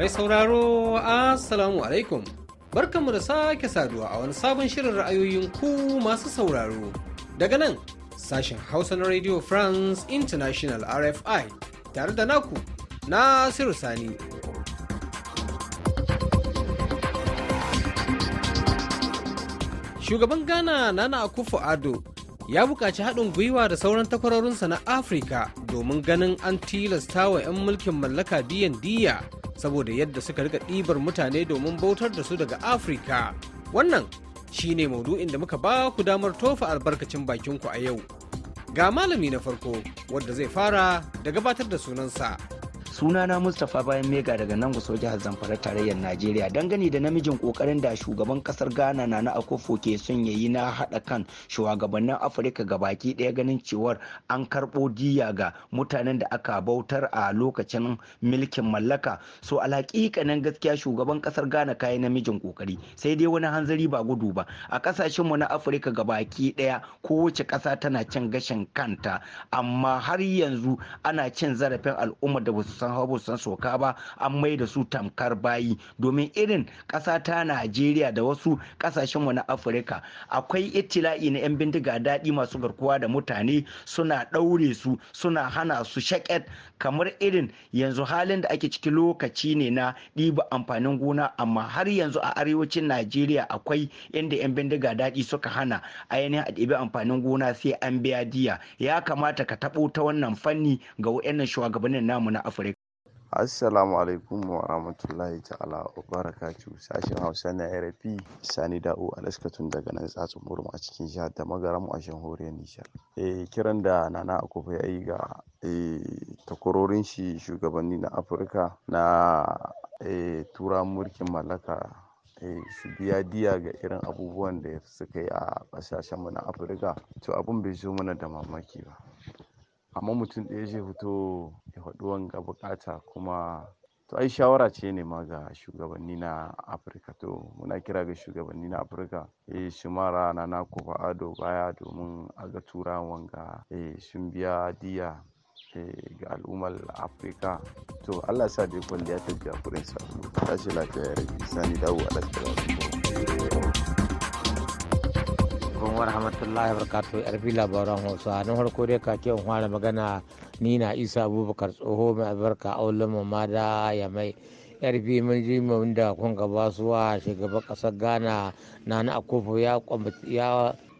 Mai sauraro Assalamu alaikum. Barkanmu da sake saduwa a wani sabon shirin ra'ayoyin ku masu sauraro. Daga nan sashen Hausa na Radio France International RFI tare da naku Nasiru Sani. Shugaban Ghana Nana Akufo-Addo ya buƙaci haɗin gwiwa da sauran takwarorinsa na afirka domin ganin an tilasta wa 'yan mulkin mallaka biyan diya saboda yadda suka rika ɗibar mutane domin bautar da su daga afirka wannan shine maudu'in da muka ba ku damar tofa albarkacin bakinku a yau ga malami na farko wadda zai fara da gabatar da sunansa sunana mustapha bayan mega daga nan guso jihar zamfara tarayyar najeriya dangane da namijin kokarin da shugaban kasar ghana na na akofo ke son yayi na haɗa kan shugabannin afirka baki ɗaya ganin cewar an karɓo diya ga mutanen da aka bautar a lokacin milkin mallaka so nan gaskiya shugaban kasar ghana kayi namijin kokari sai dai wani hanzari ba gudu ba a mu na afirka baki ɗaya kowace ƙasa tana cin gashin kanta amma har yanzu ana cin zarafin al'ummar da basu san hawa san soka ba an mai da su tamkar bayi domin irin ƙasa ta najeriya da wasu ƙasashen wani na afirka akwai itila'i na 'yan bindiga daɗi masu garkuwa da mutane suna ɗaure su suna hana su shaƙet kamar irin yanzu halin da ake ciki lokaci ne na ɗiba amfanin gona amma har yanzu a arewacin najeriya akwai inda 'yan bindiga daɗi suka hana ainihin a ɗibi amfanin gona sai an biya diya ya kamata ka taɓo ta wannan fanni ga waɗannan shugabannin namu na afirka Assalamu alaikum wa rahmatullahi ta'ala wa barakatuhu sashen Hausa na rp Sani Da'u tun daga nan tsatsun murum a cikin jihar da magaram a jamhuriyar Nijar. Eh kiran da Nana akofa ya yi ga eh takwarorin shi shugabanni na Afirka na eh, tura mulkin mallaka eh, su biya diya ga irin abubuwan da suka yi a mu na afirka to abun bai zo mana da mamaki ba amma mutum ɗaya zai fito ya faɗi wanga bukata kuma to ai shawara ce ne ma ga shugabanni na afirka to muna kira ga shugabanni na afirka eh su rana na kofa ado baya domin a ga turawan ga eh sun biya diya eh, ga al'ummar afirka to allah sa dai kwalliya ta biya jakurin sa tashi lafiya ya rage sani dawo a ɗan warahmatullahi wa rahmatullahi barakatu yarfi labaran hausa na farko dai ka ke fara magana ni na isa abubakar tsoho mai albarka aulun mamada ya mai yarfi mun ji mun da kun gaba suwa shugaban kasar ghana na na akofo ya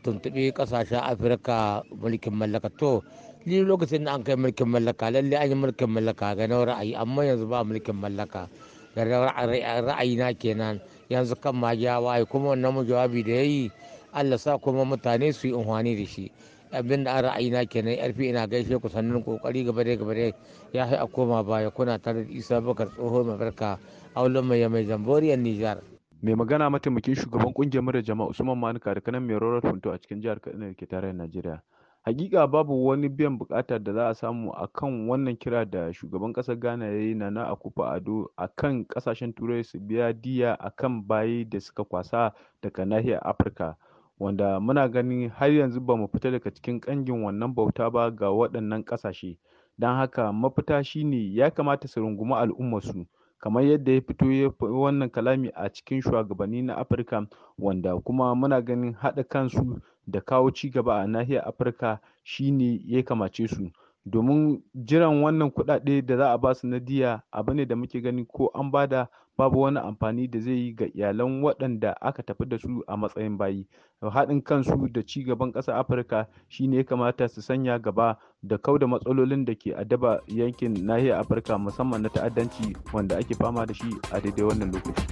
tuntubi kasashen afirka mulkin mallaka to ni lokacin da an kai mulkin mallaka lalle an yi mulkin mallaka ga na ra'ayi amma yanzu ba mulkin mallaka ga ra'ayi na kenan yanzu kan ma ya waye kuma wannan mu jawabi da yayi Allah sa kuma mutane su yi unhwani da shi abin da ra'ayina kenan yarfi ina gaishe ku sannan kokari gaba da gaba ya a koma baya kuna tare da Isa Bakar tsoho mai barka aulan mai mai jamboriyar Nijar mai magana mataimakin shugaban kungiyar mara jama'a Usman Manuka da kanan mai rorar funto a cikin jihar Kaduna da ke tarayyar Najeriya hakika babu wani biyan bukata da za a samu akan wannan kira da shugaban kasar ghana ya yi nana akufa ado akan kasashen turai su biya diya akan bayi da suka kwasa daga nahiyar afirka wanda muna gani har yanzu ba mu fita daga cikin ƙangin wannan bauta ba ga waɗannan ƙasashe don haka mafita ne ya kamata su rungumi al'ummarsu kamar yadda ya fito ya wannan kalami a cikin shugabanni na afirka wanda kuma muna ganin haɗa kansu da kawo ci gaba a nahiyar afirka shine ya kamace su domin jiran wannan kuɗaɗe da za a basu na diya abu ne da muke gani ko an bada babu wani amfani da zai yi ga iyalan waɗanda aka tafi da su a matsayin bayi. Haɗin kansu da ci gaban ƙasar Afirka shi ne ya kamata su sanya gaba da kau da matsalolin da ke addaba yankin nahiyar Afirka musamman na ta'addanci wanda ake fama da shi a daidai wannan lokaci.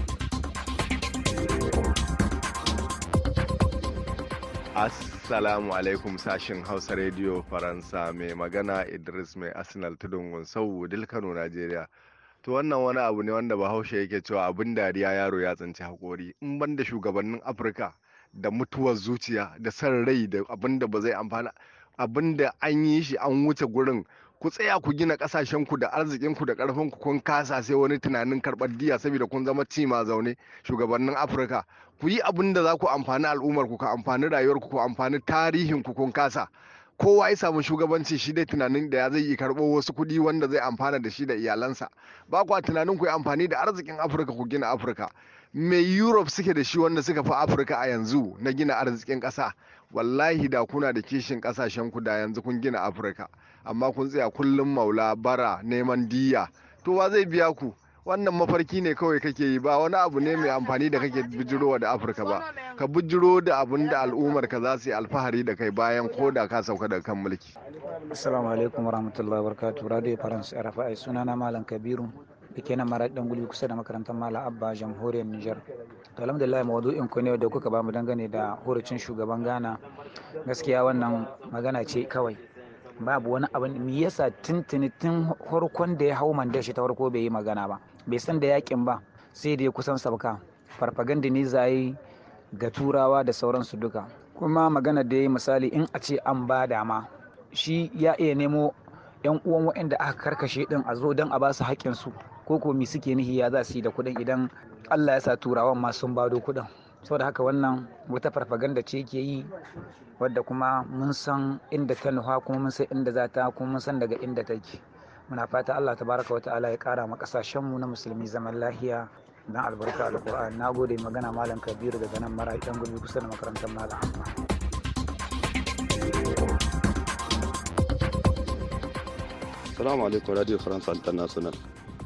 Assalamu alaikum sashin Hausa Radio Faransa mai magana Idris mai Arsenal tudun Wansau Dil Kano Najeriya. to wannan wani abu ne wanda bahaushe yake cewa abin dariya yaro ya tsanci hakori in ban da shugabannin afirka da mutuwar zuciya da san rai da abin da ba zai amfana abin da an yi shi an wuce gurin ku tsaya ku gina kasashen ku da arzikinku da ƙarfinku kun kasa sai wani tunanin karbar diya saboda kun zama cima zaune shugabannin afirka ku yi abin da za ku amfani al'ummar ku ka amfani rayuwar ku amfani tarihin ku kun kasa kowa ya samu shugabanci shi dai tunanin da ya zai yi karɓo wasu kuɗi wanda zai amfana da shi da iyalansa ba kwa tunanin ku yi amfani da arzikin afirka ku gina afirka mai europe suke da shi wanda suka fi afirka a yanzu na gina arzikin ƙasa wallahi da kuna da kishin ƙasashen ku da yanzu kun gina afirka amma kun tsaya kullum maula bara neman diya to wa zai biya ku wannan mafarki ne kawai kake yi ba wani abu ne mai amfani da kake bijirowa da afirka ba ka bijiro da abin da al'ummar ka za su yi alfahari da kai bayan ko da ka sauka daga kan mulki assalamu alaikum warahmatullahi wabarakatuh radio france rfi sunana malam kabiru da ke nan ɗan guli kusa da makarantar malam abba jamhuriyar niger to alhamdulillah maudu'in ku ne da kuka ba mu dangane da horicin shugaban ghana gaskiya wannan magana ce kawai babu wani abin me yasa tuntuni tun farkon da ya hau mandashi ta farko bai yi magana ba bai san da yakin ba sai da ya kusan sabka farfaganda ne zai ga turawa da sauransu duka kuma magana da ya yi misali in a ce an ba dama shi ya iya nemo yan uwan waɗanda aka karkashe din a zo don a ba su haƙƙinsu ko komi suke nihi ya za su yi da kuɗin idan allah ya sa turawan ma sun bado kuɗin saboda haka wannan wata farfaganda ce ke yi wadda kuma mun san inda ta nufa kuma mun san inda za ta kuma mun san daga inda take muna fata Allah tabaraka wa ta'ala ya kara ma kasashen mu na musulmi zaman lahiya dan albarka Na gode magana malam kabiru daga nan marayi dan gumi kusa da makarantar malam amma Assalamu alaikum Radio France International.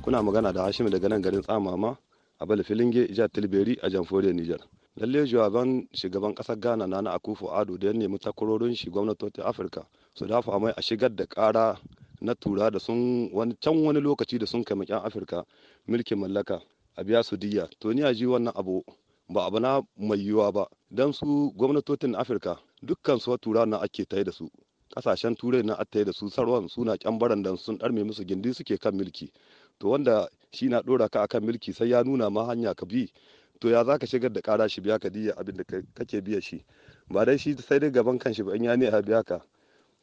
Kuna magana da Hashim daga nan garin Tsamama a Balfilinge, Jihar Tilberi a Jamhuriyar Nijar. Lalle shugaban shugaban kasar Ghana na na akufo ado da ya nemi takwarorin shi gwamnatocin Afirka su dafa mai a shigar da kara na tura da sun wani can wani lokaci da sun kama kyan afirka mulkin mallaka a biya su diya to ni a ji wannan abu ba abu na mai yiwuwa ba don su gwamnatotin afirka dukkan su tura na ake tai da su kasashen turai na attaye da su sarwan suna kyambaran da sun ɗarme musu gindi suke kan milki to wanda shi na dora ka akan milki sai ya nuna ma hanya ka bi to ya za ka shigar da kara shi biya ka diya abin kake biya shi ba dai shi sai dai gaban kanshi ba in ya ne a biya ka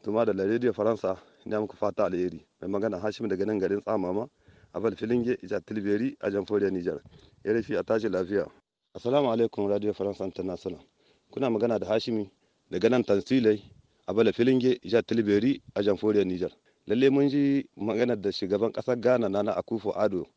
Tuma da Radio Faransa ina muku fata alheri. Mai magana Hashim daga nan garin Tsamama a Balfilinge Ija Tilberi a Jamhuriyar Nijar. Ya rafi a tashi lafiya. Assalamu alaikum Radio Faransa International. Kuna magana da Hashimi daga nan Tansilai a Balfilinge Tilberi a Jamhuriyar Nijar. Lalle mun ji magana da shugaban ƙasar Ghana na Akufo Ado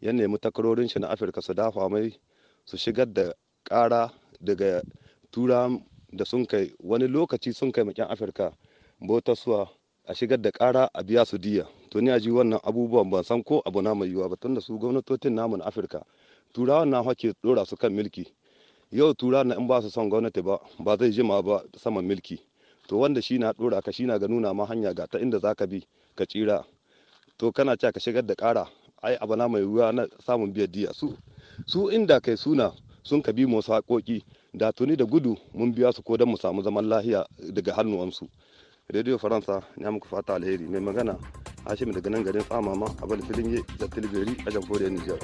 ya nemi takarorin shi na Afirka su dafa mai su shigar da kara daga tura da sun kai wani lokaci sun kai makin afirka botaswa a shigar da kara a biya su diya to ni ji wannan abubuwan ban san ko abu na mai yiwuwa ba tunda su gwamnatocin namu na afirka turawan na hake dora su kan milki yau turawan na in ba su son gwamnati ba ba zai jima ba saman milki to wanda shi na dora ka shi na ga nuna ma hanya ga ta inda za ka bi ka tsira to kana cewa ka shigar da kara ai abu na mai yiwa na samun biyan diya su su inda kai suna sun ka bi mu da tuni da gudu mun biya su ko dan mu samu zaman lahiya daga hannuwansu radio faransa ya muku fata alheri mai magana hashim daga nan garin tsamama a bala da tilbiri a jamhuriyar nijar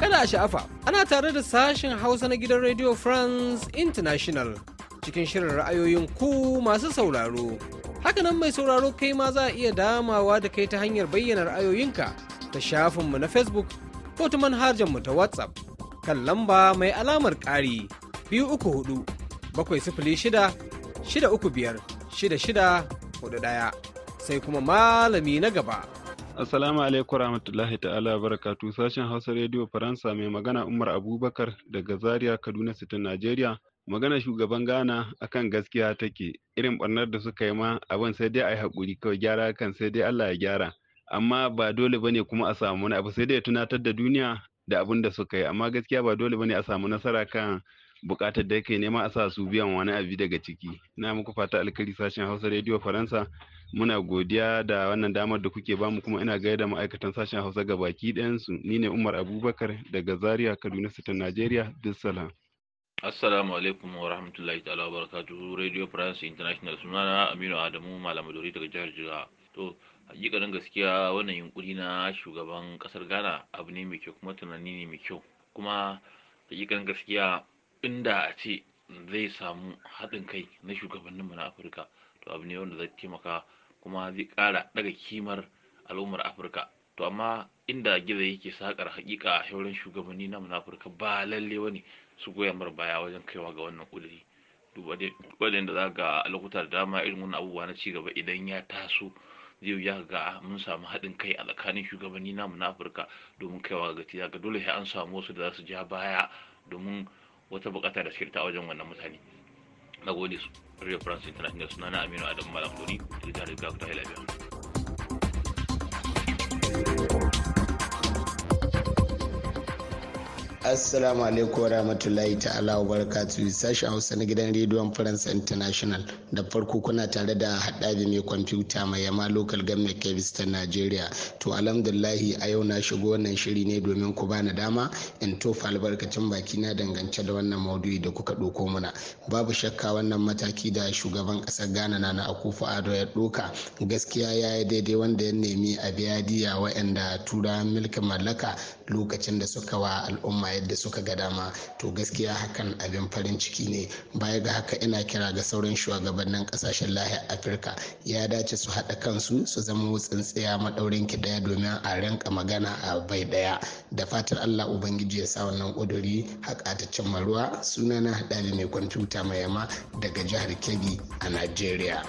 kada a sha'afa ana tare da sashen hausa na gidan radio france international cikin shirin ra'ayoyin ku masu sauraro hakanan mai sauraro kai ma za a iya damawa da kai ta hanyar bayyana ra'ayoyinka ta shafinmu na facebook ko ta manhajarmu ta whatsapp kan lamba mai alamar ƙari biyu uku hudu bakwai sifili shida shida uku biyar shida shida hudu ɗaya sai kuma malami na gaba. Assalamu alaikum rahmatullahi ta'ala barakatu sashen Hausa Radio Faransa mai magana Umar Abubakar daga Zaria Kaduna City Najeriya. Magana shugaban Ghana akan gaskiya take irin barnar da suka yi ma abin sai dai ai hakuri haƙuri kawai gyara kan sai dai Allah ya gyara. Amma ba dole ba kuma a samu wani abu sai dai ya tunatar da duniya da abin da suka yi amma gaskiya ba dole bane a samu nasara kan bukatar da yake nema a sa su biyan wani abi daga ciki na muku fata alkali sashen hausa rediyo faransa muna godiya da wannan damar da kuke bamu kuma ina gaida ma'aikatan sashen hausa ga baki ɗayansu ni ne umar abubakar daga zaria kaduna sitan najeriya dissalam assalamu alaikum wa rahmatullahi ta'ala wa barakatuhu radio france international sunana aminu adamu malam malamadori daga jihar jigawa to hakikanin gaskiya wannan yunkuri na shugaban kasar ghana abu ne mai kyau kuma tunani ne mai kyau kuma hakikanin gaskiya inda a ce zai samu haɗin kai na shugabanninmu na afirka to abu ne wanda zai taimaka kuma zai ƙara ɗaga kimar al'ummar afirka to amma inda gizo yake sakar hakika a shauran shugabanni na munafurka ba lalle wani su goya mar baya wajen kaiwa ga wannan kudiri wadanda za ga lokuta da dama irin wannan abubuwa na cigaba idan ya taso zai ya ga mun samu haɗin kai a tsakanin shugabanni namu na afirka domin kaiwa ga gaci ga dole sai an samu wasu da za su ja baya domin wata bukata da shirta wajen wannan mutane na gode su radio france international suna na aminu adamu malam dori da jihar gafi ta lafiya assalamu alaikum warahmatullahi ta'ala wa barakatuhu sashen hausa na gidan rediyon france international da farko kuna tare da haɗabi mai kwamfuta mai yama local government kebis ta nigeria to alhamdulahi a yau na shigo wannan shiri ne domin ku bani dama in tofa albarkacin baki na dangance da wannan maudu'i da kuka ɗauko mana babu shakka wannan mataki da shugaban ƙasar ghana na na akufu ado ya ɗauka gaskiya ya yi daidai wanda ya nemi a biya diya waɗanda tura milkin mallaka lokacin da suka wa al'umma yadda suka ga dama to gaskiya hakan abin farin ciki ne baya ga haka ina kira ga sauran shugabannin kasashen lahiyar afirka ya dace su haɗa kansu su zama tsintsiya maɗaurin ki ɗaya domin a rinka magana a bai ɗaya da fatar allah ubangiji ya sa wannan ƙuduri haƙa ta cimma ruwa sunana haɗari mai kwamfuta mai yama daga jihar kebbi a najeriya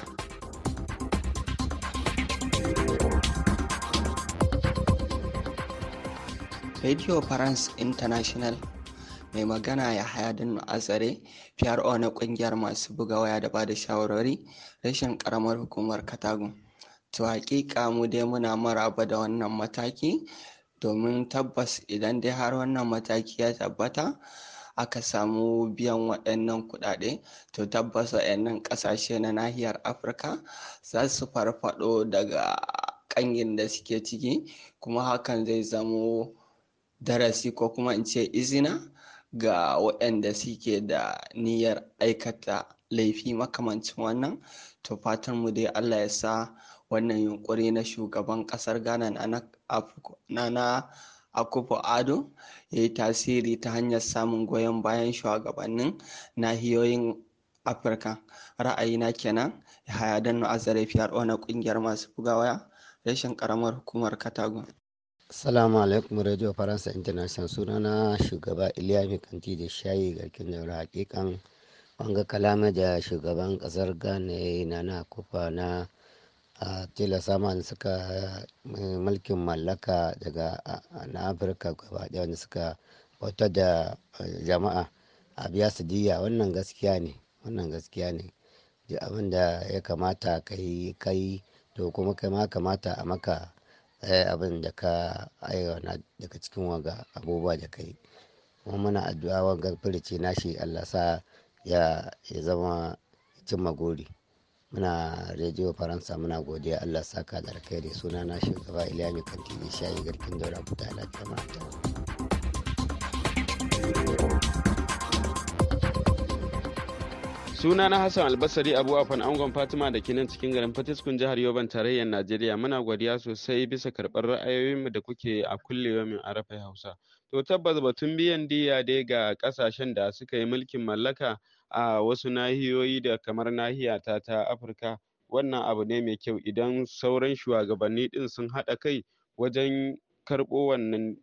Radio France International mai magana ya haya da azare PRO na kungiyar masu buga waya da ba da shawarwari rashin karamar hukumar Katagun. To hakika mu dai muna maraba da wannan mataki domin tabbas idan dai har wannan mataki ya tabbata aka samu biyan waɗannan kuɗaɗe to tabbas waɗannan ƙasashe na nahiyar afirka za su farfaɗo daga ƙangin da suke ciki kuma hakan zai zamo darasi ko kuma in ce izina ga waɗanda suke da niyyar aikata laifi makamancin wannan to fatan mu dai allah ya sa wannan yunkuri na shugaban ƙasar ghana na na akufo ado ya yi tasiri ta hanyar samun goyon bayan shugabannin nahiyoyin afirka ra'ayina kenan ya haya don azare na ƙungiyar masu bugawa rashin karamar hukumar katagun salamu alaikum Radio Faransa International sunana shugaba Iliya mai kanti da shayi garkin daura hakikan wanga kalama da shugaban kasar Ghana na na kufa na a tilasa suka eh, mulkin mallaka daga na Afirka gaba da wanda suka wata da eh, jama'a a biya su diya wannan gaskiya ne wannan gaskiya ne abin da ya kamata kai kai to kuma kai ma kamata a maka Eh, abin da ka aiwana daga cikin waga abubuwa da kai kuma muna addu'a wanga ce nashi Allah sa ya zama cimma gori muna rediyo faransa muna godiya Allah sa ka da kai da suna na shugaba Iliya mai kanti shayi garkin daura fita lafiya you. Suna na Hassan Albasari Abu Afan Angon Fatima da kinan cikin garin Fatiskun jihar Yoban tarayyar Najeriya muna godiya sosai bisa karɓar ra'ayoyinmu da kuke a kulle min arafai Hausa. To tabbas batun biyan diya dai ga ƙasashen da suka yi mulkin mallaka a wasu nahiyoyi da kamar nahiya ta ta Afirka wannan abu ne mai kyau idan sauran shugabanni din sun haɗa kai wajen karɓo wannan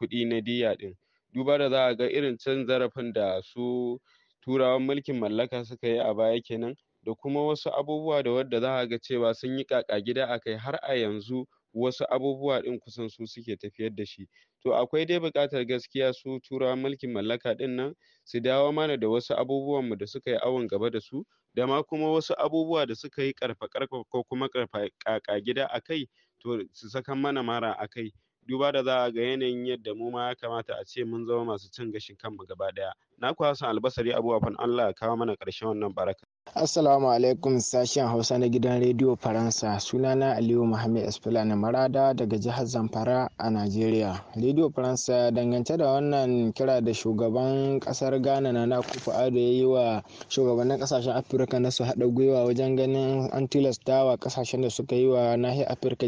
kuɗi na diya ɗin. Duba da za a ga irin can zarafin da su turawan mulkin mallaka suka yi a baya kenan da kuma wasu abubuwa da wadda za ga cewa sun yi gida a kai har a yanzu wasu abubuwa ɗin kusan su suke tafiyar da shi to akwai dai buƙatar gaskiya su turawan mulkin mallaka ɗin nan su dawo mana da wasu abubuwan mu da suka yi awon gaba da su da ma kuma wasu abubuwa da suka yi ƙarfa ƙarfa ko kuma ƙarfa gida a kai to su saka mana mara a kai duba da za a ga yanayin yadda mu ma ya kamata a ce mun zama masu cin gashin kanmu gaba ɗaya. Na ku Hassan Albasari Abu Allah ya kawo mana ƙarshen wannan baraka. Assalamu alaikum sashen Hausa na gidan Rediyo Faransa sunana Aliyu Muhammad Esfilani Marada daga jihar Zamfara a Najeriya. Rediyo Faransa dangance da wannan kira da shugaban kasar Ghana na Akufo Addo ya yi wa shugabannin kasashen Afirka na su haɗa gwiwa wajen ganin an tilasta wa kasashen da suka yi wa nahiyar Afirka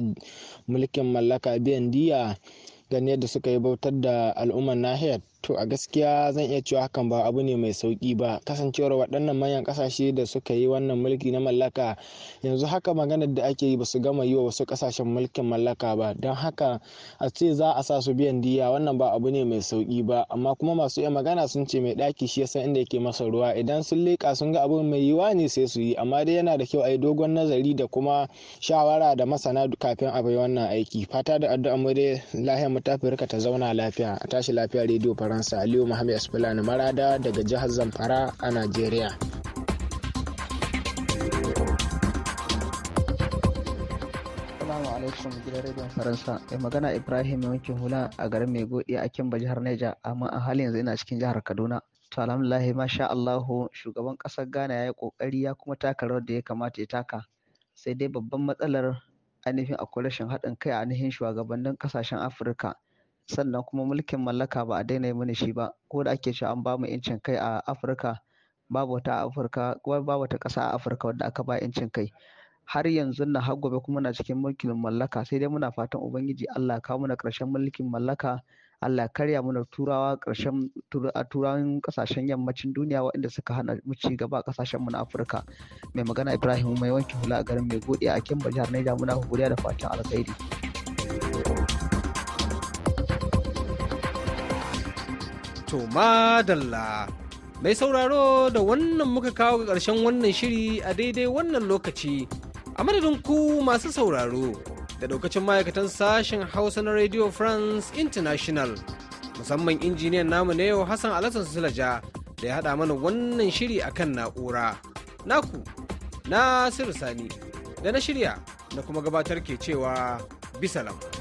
mulkin mallaka biyan diya ganin da suka yi bautar da al'ummar nahiyar. To a gaskiya zan iya cewa hakan ba abu ne mai sauki ba kasancewar waɗannan manyan ƙasashe da suka yi wannan mulki na mallaka yanzu haka maganar da ake yi ba su gama yi wa wasu ƙasashen mulkin mallaka ba don haka a ce za a sa su biyan diya wannan ba abu ne mai sauki ba amma kuma masu iya magana sun ce mai ɗaki shi yasa inda yake masa ruwa idan sun leƙa sun ga abu mai yiwa ne sai su yi amma dai yana da kyau a yi dogon nazari da kuma shawara da masana kafin a bai wannan aiki fata da addu'a mu dai lahiyar mu ta ta zauna lafiya a tashi lafiya rediyo fara faransa aliyu muhammad asfulani marada daga jihar zamfara a najeriya salamu alaikum gidan rediyon Faransa. Mai magana Ibrahim yankin hula a garin mai godi a Kimba jihar Neja amma a halin yanzu ina cikin jihar Kaduna. To alhamdulillah masha Allahu shugaban kasar Ghana ya yi kokari ya kuma taka rawar da ya kamata ya taka. Sai dai babban matsalar ainihin akwai rashin haɗin kai a ainihin shugabannin kasashen Afirka sannan kuma mulkin mallaka ba a daina yi mana shi ba ko da ake cewa an ba mu yancin kai a afirka babu wata afirka babu wata ƙasa a afirka wadda aka ba yancin kai har yanzu na har gobe kuma na cikin mulkin mallaka sai dai muna fatan ubangiji allah kawo mana ƙarshen mulkin mallaka allah karya mana turawa ƙarshen turawan ƙasashen yammacin duniya waɗanda suka hana mu ci gaba ƙasashen mu na afirka mai magana ibrahim mai wanke hula a garin mai godiya a kimba jihar naija muna godiya da fatan alkhairi wato madalla. Mai sauraro da wannan muka kawo ga ƙarshen wannan shiri a daidai wannan lokaci. A madadin ku masu sauraro da daukacin ma'aikatan sashen Hausa na Radio France International. Musamman injiniyan namu na yau Hassan alasan Sulaja da ya haɗa mana wannan shiri akan na'ura. Naku, Nasiru Sani, da na shirya na kuma gabatar ke cewa bisalam.